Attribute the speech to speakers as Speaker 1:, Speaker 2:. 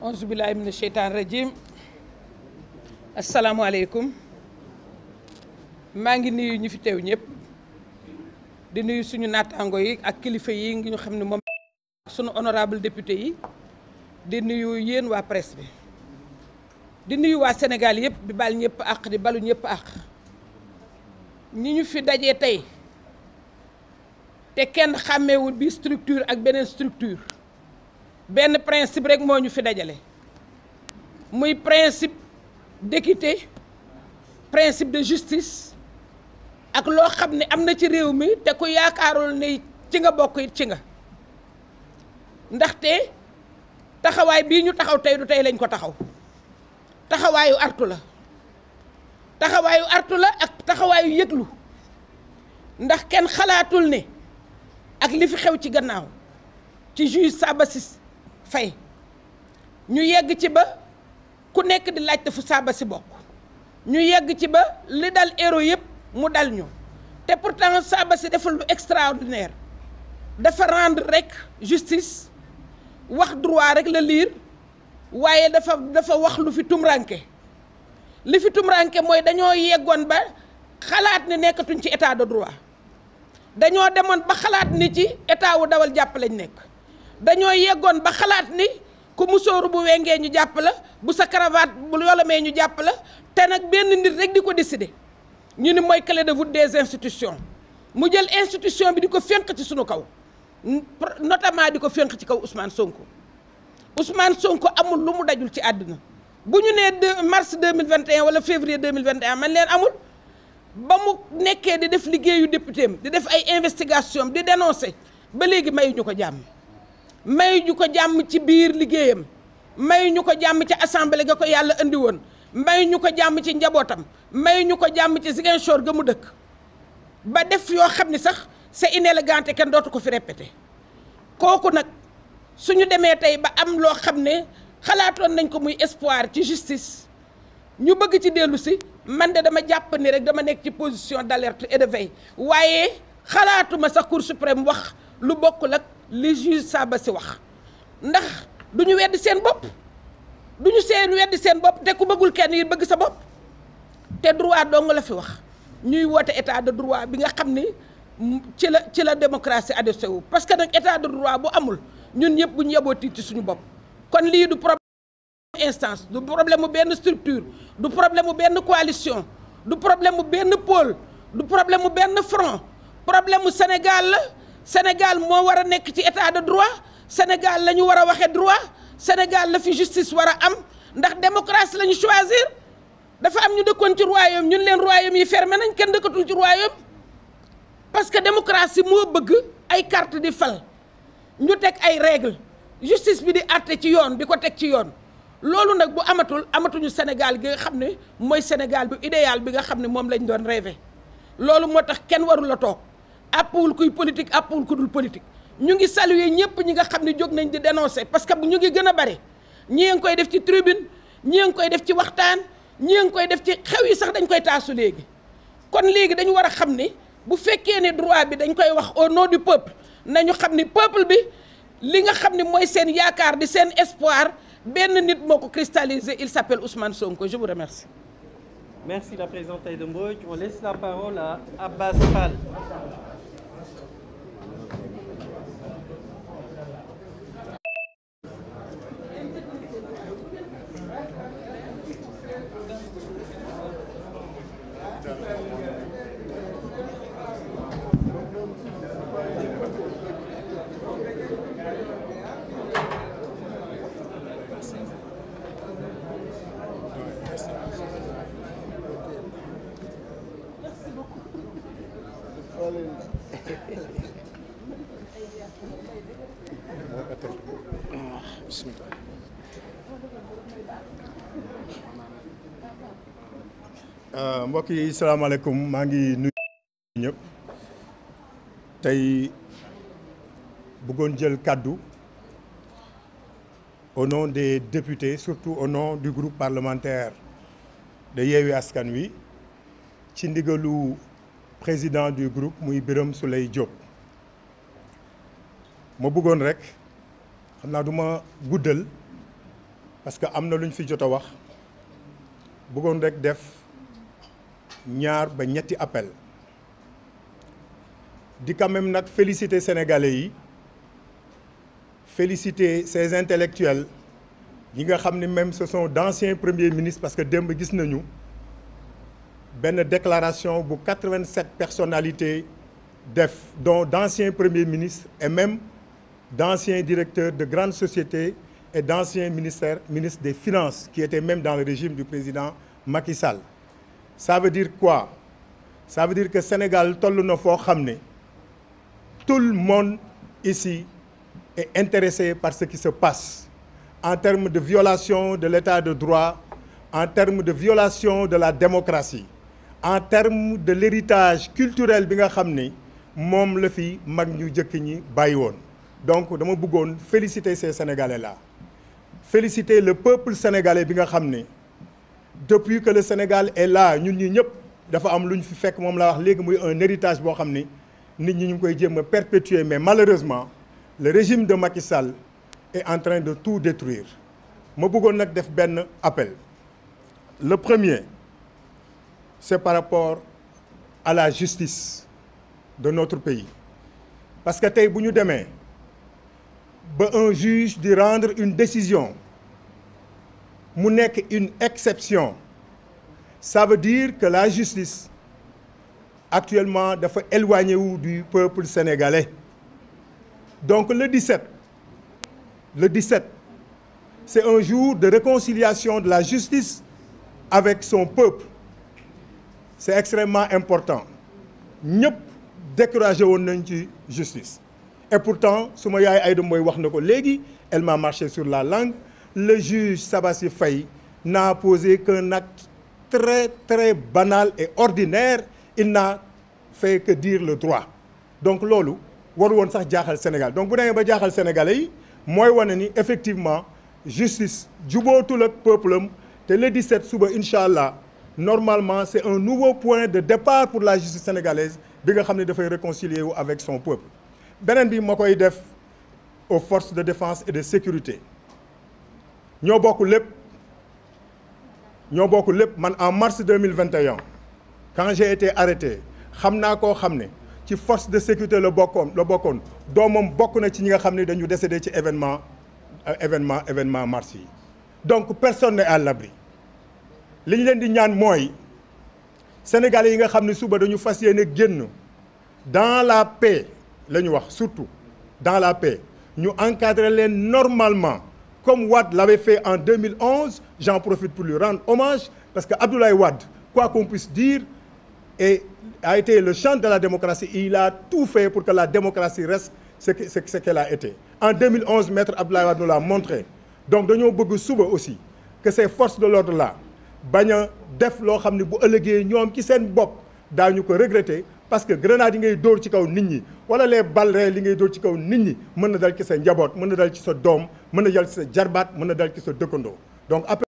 Speaker 1: auzu billaahi mina sheytaani rajiim asalaamualeykum maa ngi nuyu ñu fi teew ñëpp di nuyu suñu naataango yi ak kilifa yi ngi ñu xam ne moom suñu honorable député yi di nuyu yéen waa presse bi di nuyu waa Sénégal yëpp di bal ñëpp àq di balu ñëpp àq ñi ñu fi dajee tey te kenn xàmmewul bi structure ak beneen structure benn principe rek moo ñu fi dajale muy principe d'équité principe de justice ak loo xam ne am na ci réew mi te ku yaakaarul ne ci nga bokk it ci nga ndaxte taxawaay bii ñu taxaw tey du tey lañ ko taxaw taxawaayu artu la taxawaayu artu la ak taxawaayu yëglu ndax kenn xalaatul ne ak li fi xew ci gannaaw ci juge Sabassy fay ñu yegg ci ba ku nekk di laajte fu saaba si bokk ñu yegg ci ba li dal héros yëpp mu dal ñu te pourtant saaba si deful lu extraordinaire dafa rendre rek justice wax droit rek la liir waaye dafa dafa wax lu fi tumranke li fi tumranke mooy dañoo yeggoon ba xalaat ni nekkatuñ ci état de droit dañoo demoon ba xalaat ni ci état wu dawal jàpp lañ nekk dañoo yeggoon ba xalaat ni ku musóoru bu wengee ñu jàpp la bu sa cravate bu yolamee ñu jàpp la te nag benn nit rek di ko décider ñu ni moy clé de voûte des institutions mu jël institution bi di ko fénq ci suñu kaw notamment di ko fénq ci kaw Ousmane Sonko Ousmane Sonko amul lu mu dajul ci àdduna bu ñu nee de mars 2021 wala février 2021 man leen amul ba mu nekkee di def liggéeyu député di def ay investigation di dénoncer ba léegi mayuñu ko jàmm may ñu ko jàmm ci biir liggéeyam may ñu ko jàmm ci assemblée nga ko yàlla andi woon may ñu ko jàmm ci njabootam may ñu ko jàmm ci Ziguinchor ga mu dëkk ba def yoo xam ni sax c'est inélégant kenn dootu ko fi répété kooku nag suñu demee tey ba am loo xam ne xalaatoon nañ ko muy espoir ci justice ñu bëgg ci dellu si man de dama jàpp ni rek dama nekk ci position d'alerte et de waaye xalaatuma sax Cour suprême wax lu bokk ak li juge Sabassy wax ndax du ñu weddi seen bopp du ñu seen weddi seen bopp te ku bëggul kenn yi bëgg sa bopp te droit dong la fi wax ñuy woote état de droit bi nga xam ni ci la ci la démocratie adossé wu parce que nag état de droit bu amul ñun ñëpp bu ñu yeboo tiit ci suñu bopp kon lii du problème instance du problème mu benn structure du problème mu benn coalition du problème mu benn pôle du problème mu benn front problème mu Sénégal la Sénégal moo war a nekk ci état de droit Sénégal la ñu war a waxe droit Sénégal la fi justice war a am ndax démocratie la ñu choisir dafa am ñu dëkkoon ci royaume ñun leen royaume yi fermé nañ kenn dëkkatul ci royaume parce que démocratie moo bëgg ay carte di fal ñu teg ay règle justice bi di àtte ci yoon di ko teg ci yoon loolu nag bu amatul amatuñu Sénégal gi nga xam ne mooy Sénégal bu idéal bi nga xam ne moom lañ doon rêvé loolu moo tax kenn warul la toog àppwul kuy politique àppwul ku dul politique ñu ngi saluer ñëpp ñi nga xam ne jóg nañ di dénoncer parce que ñu ngi gën a bare ñi ngi koy def ci tribune ñee ngi koy def ci waxtaan ñi ngi koy def ci xew yi sax dañ koy taasu léegi kon léegi dañu war a xam ni bu fekkee ne droit bi dañ koy wax au nom du peuple nañu xam ni peuple bi li nga xam ni mooy seen yaakaar di seen espoir benn nit moo ko cristallisé il s'appelle Ousmane Sonko je vous remercie.
Speaker 2: Merci la présidente Aïda Mbodj on laisse la Euh, mbokk yi salaamaaleykum maa ngi nuyu ñëpp tey bëggoon jël kàddu au nom des députés surtout au nom du groupe parlementaire de Yewwi Askan Wi ci ndigalu président du groupe muy Birame Souleye Diop ma bëggoon rek xam naa du ma guddal parce que am na lu ñu fi jot a wax bëggoon rek def ñaar ba ñetti appel di quand même nag féliciter sénégalais yi féliciter ces intellectuels yi nga xam ni même ce sont d'anciens premiers ministres parce que démb gis nañu benn déclaration bu 87 personnalités def dont d'anciens premiers ministres et même d'anciens directeurs de grandes sociétés et d'anciens ministères ministres des Finances qui même dans le régime du président Macky Sall. Ça veut dire quoi? Ça veut que Sénégal toll na foo xam ne tout le monde ici est intéressé par ce qui se passe en termes de violation de l'état de droit, en termes de violation de la démocratie. en terme de l'héritage culturel bi nga xam ni moom la fi mag ñu jëkk ñi bàyyi woon donc dama bëggoon féliciter ces sénégalais là féliciter le peuple sénégalais bi nga xam ni depuis que le Sénégal et là ñun ñi ñëpp dafa am lu ñu fi fekk moom laa wax léegi muy un héritage boo xam ni nit ñi ñu ngi koy jéem a perpétuer mais malheureusement le régime de Macky et est en train de tout détruire ma bëggoon nag def benn appel le premier c'est par rapport à la justice de notre pays parce que tey bu ñu demee ba un juge di rendre une décision mu nekk une exception ça veut dire que la justice actuellement dafa éloigné wu du peuple sénégalais donc le 17 le 17 c'est un jour de réconciliation de la justice avec son peuple c'est extrêmement important ñëpp découragé woon nañ ci justice et pourtant su ma yaay Aïda Mboye wax na ko léegi elle marché sur la langue le juge Sabassi Faye n'a posé qu'un acte très très banal et ordinaire il n'a fait que dire le droit donc loolu war woon sax jaaxal Sénégal donc bu demee ba jaaxal sénégalais yi mooy wane ni effectivement justice jubootul ak peuple am te le 17 suba incha allah. normalement c'est un nouveau point de départ pour la justice sénégalaise bi nga xam ne dafay réconcilier wu avec son peuple beneen bi moo koy def aux forces de défense et de sécurité ñoo bokk lépp ñoo bokk lépp man en mars 2021 quand j'ai été arrêté xam naa koo xam ne ci force de sécurité la bokkoon la bokkoon doomam bokk na ci ñi nga xam ni dañu décédé ci événement euh, événement événement mars yi donc personne n'est à l'abri li ñu leen di ñaan mooy sénégal yi nga xam ne suba dañu fas yéene génn dans la paix la ñu wax surtout dans la paix ñu encadrer leen normalement comme Wade l'avait fait en 2011 j'en profite pour lui rendre hommage parce que Abdoulaye Wade quoi qu'on puisse dire et a été le champ de la démocratie et il tout fait pour que la démocratie reste ce que ce qu'elle a été en 2011 maître Abdoulaye Wade nous l'a montré donc dañoo bëgg suba aussi que ces forces de l'ordre là bañ a def loo xam ne bu ëllëgee ñoom ci seen bopp daañu ko regretter parce que grenade yi ngay dóor ci kaw nit ñi wala les balles li ngay dóor ci kaw nit ñi mën na dal ci sa njaboot mën na dal ci sa doom mën na dal ci sa jarbaat mën na dal ci sa dëkkandoo donc